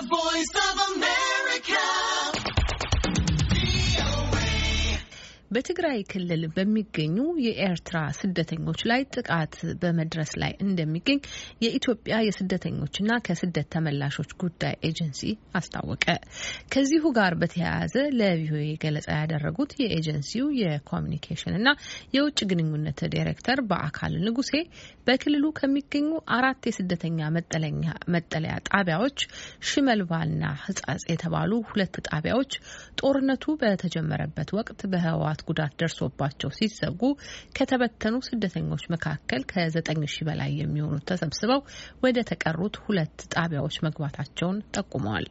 The Voice of a man. በትግራይ ክልል በሚገኙ የኤርትራ ስደተኞች ላይ ጥቃት በመድረስ ላይ እንደሚገኝ የኢትዮጵያ የስደተኞችና ከስደት ተመላሾች ጉዳይ ኤጀንሲ አስታወቀ። ከዚሁ ጋር በተያያዘ ለቪኦኤ ገለጻ ያደረጉት የኤጀንሲው የኮሚኒኬሽንና የውጭ ግንኙነት ዲሬክተር በአካል ንጉሴ በክልሉ ከሚገኙ አራት የስደተኛ መጠለያ ጣቢያዎች ሽመልባልና ህጻጽ የተባሉ ሁለት ጣቢያዎች ጦርነቱ በተጀመረበት ወቅት በህዋ ጥቃት ጉዳት ደርሶባቸው ሲሰጉ ከተበተኑ ስደተኞች መካከል ከዘጠኝ ሺህ በላይ የሚሆኑት ተሰብስበው ወደ ተቀሩት ሁለት ጣቢያዎች መግባታቸውን ጠቁመዋል።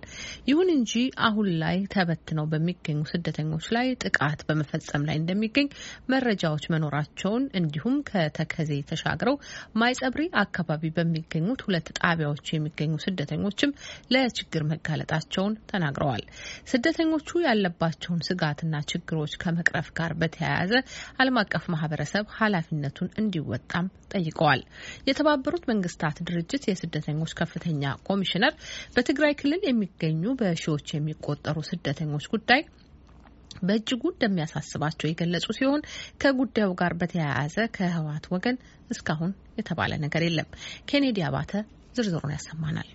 ይሁን እንጂ አሁን ላይ ተበትነው በሚገኙ ስደተኞች ላይ ጥቃት በመፈጸም ላይ እንደሚገኝ መረጃዎች መኖራቸውን እንዲሁም ከተከዜ ተሻግረው ማይጸብሪ አካባቢ በሚገኙት ሁለት ጣቢያዎች የሚገኙ ስደተኞችም ለችግር መጋለጣቸውን ተናግረዋል። ስደተኞቹ ያለባቸውን ስጋትና ችግሮች ከመቅረፍ ጋር በተያያዘ ዓለም አቀፍ ማህበረሰብ ኃላፊነቱን እንዲወጣም ጠይቀዋል። የተባበሩት መንግስታት ድርጅት የስደተኞች ከፍተኛ ኮሚሽነር በትግራይ ክልል የሚገኙ በሺዎች የሚቆጠሩ ስደተኞች ጉዳይ በእጅጉ እንደሚያሳስባቸው የገለጹ ሲሆን ከጉዳዩ ጋር በተያያዘ ከህወሓት ወገን እስካሁን የተባለ ነገር የለም። ኬኔዲ አባተ ዝርዝሩን ያሰማናል።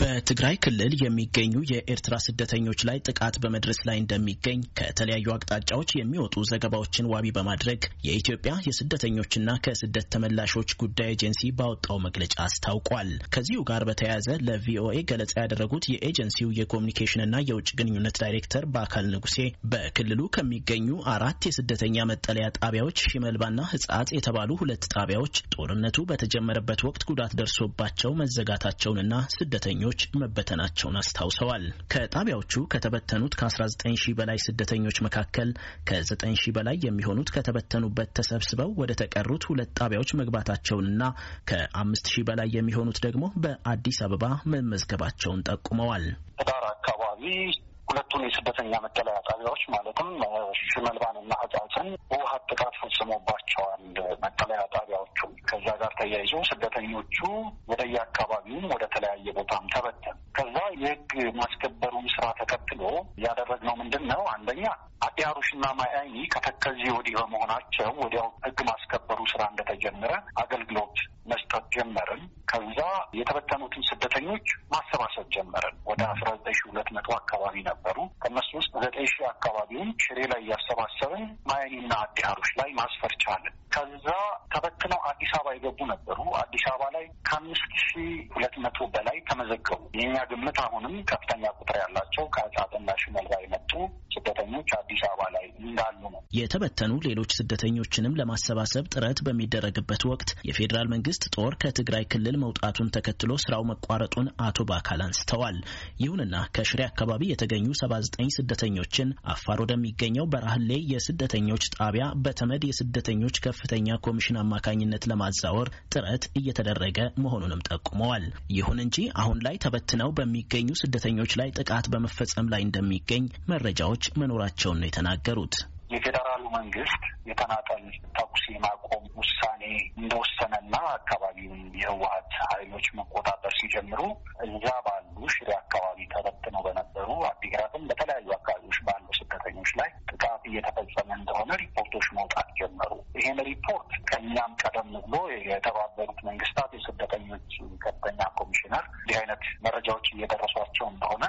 በትግራይ ክልል የሚገኙ የኤርትራ ስደተኞች ላይ ጥቃት በመድረስ ላይ እንደሚገኝ ከተለያዩ አቅጣጫዎች የሚወጡ ዘገባዎችን ዋቢ በማድረግ የኢትዮጵያ የስደተኞችና ከስደት ተመላሾች ጉዳይ ኤጀንሲ ባወጣው መግለጫ አስታውቋል። ከዚሁ ጋር በተያያዘ ለቪኦኤ ገለጻ ያደረጉት የኤጀንሲው የኮሚኒኬሽንና የውጭ ግንኙነት ዳይሬክተር በአካል ንጉሴ በክልሉ ከሚገኙ አራት የስደተኛ መጠለያ ጣቢያዎች ሽመልባና ሕጻጽ የተባሉ ሁለት ጣቢያዎች ጦርነቱ በተጀመረበት ወቅት ጉዳት ደርሶባቸው መዘጋታቸውንና ስደተኞ ስደተኞች መበተናቸውን አስታውሰዋል። ከጣቢያዎቹ ከተበተኑት ከ19 ሺህ በላይ ስደተኞች መካከል ከ9 ሺህ በላይ የሚሆኑት ከተበተኑበት ተሰብስበው ወደ ተቀሩት ሁለት ጣቢያዎች መግባታቸውንና ከአምስት ሺህ በላይ የሚሆኑት ደግሞ በአዲስ አበባ መመዝገባቸውን ጠቁመዋል። አካባቢ ሁለቱን የስደተኛ መጠለያ ጣቢያዎች ማለትም ሽመልባንና ህጻጽን ውሀት ጥቃት ፈጽሞባቸዋል። መጠለያ ተያይዞ ስደተኞቹ ወደየአካባቢውም ወደ ተለያየ ቦታም ተበተን ከዛ የህግ ማስከበሩን ስራ ተከትሎ ያደረግነው ምንድን ነው? አንደኛ አዲያሩሽና ማያኒ ከተከዚ ወዲህ በመሆናቸው ወዲያው ህግ ማስከበሩ ስራ እንደተጀመረ አገልግሎት መስጠት ጀመርን። ከዛ የተበተኑትን ስደተኞች ማሰባሰብ ጀመርን። ወደ አስራ ዘጠኝ ሺ ሁለት መቶ አካባቢ ነበሩ። ከነሱ ውስጥ ዘጠኝ ሺ አካባቢውን ሽሬ ላይ እያሰባሰብን ማይኒና አዲሃሮች ላይ ማስፈር ቻለን። ከዛ ተበትነው አዲስ አበባ የገቡ ነበሩ። አዲስ አበባ ላይ ከአምስት ሺ ሁለት መቶ በላይ ተመዘገቡ። የኛ ግምት አሁንም ከፍተኛ ቁጥር ያላቸው ከህጻትና ሽመልባ የመጡ ስደተኞች አዲስ አበባ ላይ እንዳሉ ነው። የተበተኑ ሌሎች ስደተኞችንም ለማሰባሰብ ጥረት በሚደረግበት ወቅት የፌዴራል መንግስት መንግስት ጦር ከትግራይ ክልል መውጣቱን ተከትሎ ስራው መቋረጡን አቶ ባካል አንስተዋል። ይሁንና ከሽሬ አካባቢ የተገኙ 79 ስደተኞችን አፋር ወደሚገኘው በራህሌ የስደተኞች ጣቢያ በተመድ የስደተኞች ከፍተኛ ኮሚሽን አማካኝነት ለማዛወር ጥረት እየተደረገ መሆኑንም ጠቁመዋል። ይሁን እንጂ አሁን ላይ ተበትነው በሚገኙ ስደተኞች ላይ ጥቃት በመፈጸም ላይ እንደሚገኝ መረጃዎች መኖራቸውን ነው የተናገሩት። የፌዴራሉ መንግስት የተናጠል ተኩስ የማቆም ውሳኔ እንደወሰነና አካባቢውን የህወሀት ኃይሎች መቆጣጠር ሲጀምሩ እዛ ባሉ ሽሬ አካባቢ ተበትነው በነበሩ አዲግራትም በተለያዩ አካባቢዎች ባሉ ስደተኞች ላይ ጥቃት እየተፈጸመ እንደሆነ ሪፖርቶች መውጣት ጀመሩ። ይህን ሪፖርት ከኛም ቀደም ብሎ የተባበሩት መንግስታት የስደተኞች ከፍተኛ ኮሚሽነር እንዲህ አይነት መረጃዎች እየደረሷቸው እንደሆነ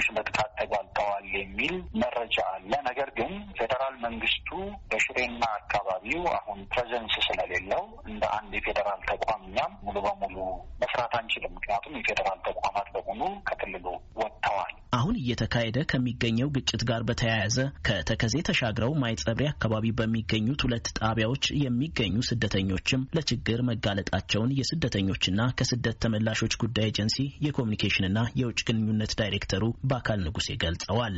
ትንሽ በጥቃት ተጓልጠዋል የሚል መረጃ አለ። ነገር ግን ፌዴራል መንግስቱ በሽሬና አካባቢው አሁን ፕሬዘንስ ስለሌለው እንደ አንድ የፌዴራል ተቋም እኛም ሙሉ በሙሉ መስራት አንችልም። ምክንያቱም የፌዴራል ተቋማት እየተካሄደ ከሚገኘው ግጭት ጋር በተያያዘ ከተከዜ ተሻግረው ማይጸብሪ አካባቢ በሚገኙት ሁለት ጣቢያዎች የሚገኙ ስደተኞችም ለችግር መጋለጣቸውን የስደተኞችና ከስደት ተመላሾች ጉዳይ ኤጀንሲ የኮሚኒኬሽንና የውጭ ግንኙነት ዳይሬክተሩ በአካል ንጉሴ ገልጸዋል።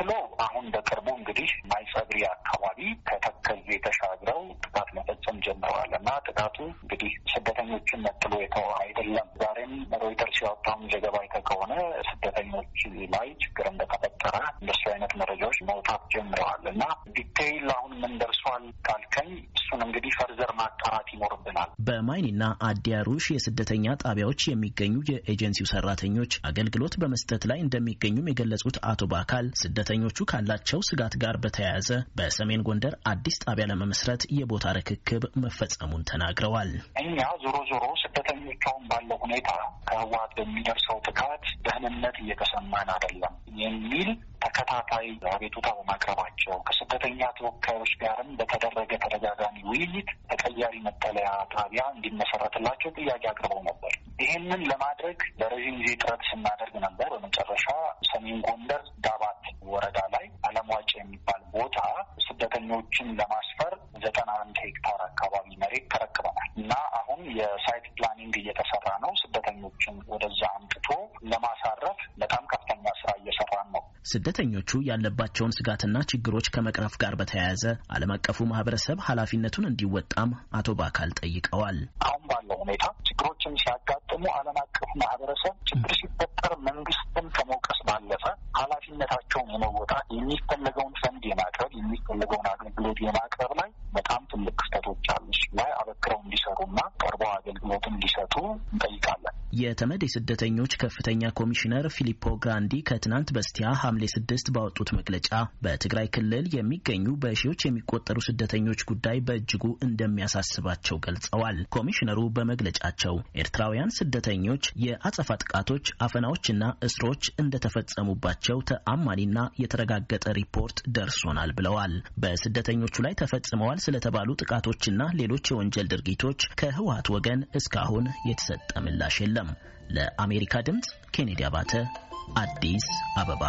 ተከትሎ አሁን በቅርቡ እንግዲህ ማይጸብሪ አካባቢ ከተከል የተሻግረው ጥቃት መፈጸም ጀምረዋል እና ጥቃቱ እንግዲህ ስደተኞችን መጥሎ የተው አይደለም። ዛሬም ሮይተርስ ያወጣውን ዘገባ አይተህ ከሆነ ስደተኞች ላይ ችግር እንደተፈጠረ እንደሱ አይነት መረጃዎች መውጣት ጀምረዋል እና ዲቴይል አሁን ምን ደርሷል ካልከኝ እሱን እንግዲህ ፈርዘር ማጣራት ይኖርብናል። በማይኒና አዲያሩሽ የስደተኛ ጣቢያዎች የሚገኙ የኤጀንሲው ሰራተኞች አገልግሎት በመስጠት ላይ እንደሚገኙም የገለጹት አቶ ባካል ስደተ ስደተኞቹ ካላቸው ስጋት ጋር በተያያዘ በሰሜን ጎንደር አዲስ ጣቢያ ለመመስረት የቦታ ርክክብ መፈጸሙን ተናግረዋል። እኛ ዞሮ ዞሮ ስደተኞቿን ባለው ሁኔታ ከህወሓት በሚደርሰው ጥቃት ደህንነት እየተሰማን አይደለም የሚል ተከታታይ አቤቱታ በማቅረባቸው ከስደተኛ ተወካዮች ጋርም በተደረገ ተደጋጋሚ ውይይት ተቀያሪ መጠለያ ጣቢያ እንዲመሰረትላቸው ጥያቄ አቅርበው ነበር። ይህንን ለማድረግ ለረዥም ጊዜ ጥረት ስናደርግ ነበር። በመጨረሻ ሰሜን ጎንደር ዳባ ስደተኞቹ ያለባቸውን ስጋትና ችግሮች ከመቅረፍ ጋር በተያያዘ ዓለም አቀፉ ማህበረሰብ ኃላፊነቱን እንዲወጣም አቶ ባካል ጠይቀዋል። አሁን ባለው ሁኔታ ችግሮችን ሲያጋጥሙ ዓለም አቀፉ ማህበረሰብ ችግር ሲፈጠር መንግስትን ከመውቀስ ባለፈ ኃላፊነታቸውን የመወጣት የሚፈለገውን ፈንድ የማቅረብ የሚፈለገውን አገልግሎት የማቅረብ ላይ በጣም ትልቅ ክስተቶች አሉ። እሱ ላይ አበክረው እንዲሰሩና ቀርበው አገልግሎት እንዲሰጡ እንጠይቃለን። የተመድ የስደተኞች ከፍተኛ ኮሚሽነር ፊሊፖ ግራንዲ ከትናንት በስቲያ ሐምሌ ስድስት ባወጡት መግለጫ በትግራይ ክልል የሚገኙ በሺዎች የሚቆጠሩ ስደተኞች ጉዳይ በእጅጉ እንደሚያሳስባቸው ገልጸዋል። ኮሚሽነሩ በመግለጫቸው ኤርትራውያን ስደተኞች የአጸፋ ጥቃቶች፣ አፈናዎችና እስሮች እንደተፈጸሙባቸው ተአማኒና የተረጋገጠ ሪፖርት ደርሶናል ብለዋል። በስደተኞቹ ላይ ተፈጽመዋል ስለተባሉ ጥቃቶችና ሌሎች የወንጀል ድርጊቶች ከህወሀት ወገን እስካሁን የተሰጠ ምላሽ የለም። አይደለም። ለአሜሪካ ድምፅ ኬኔዲ አባተ አዲስ አበባ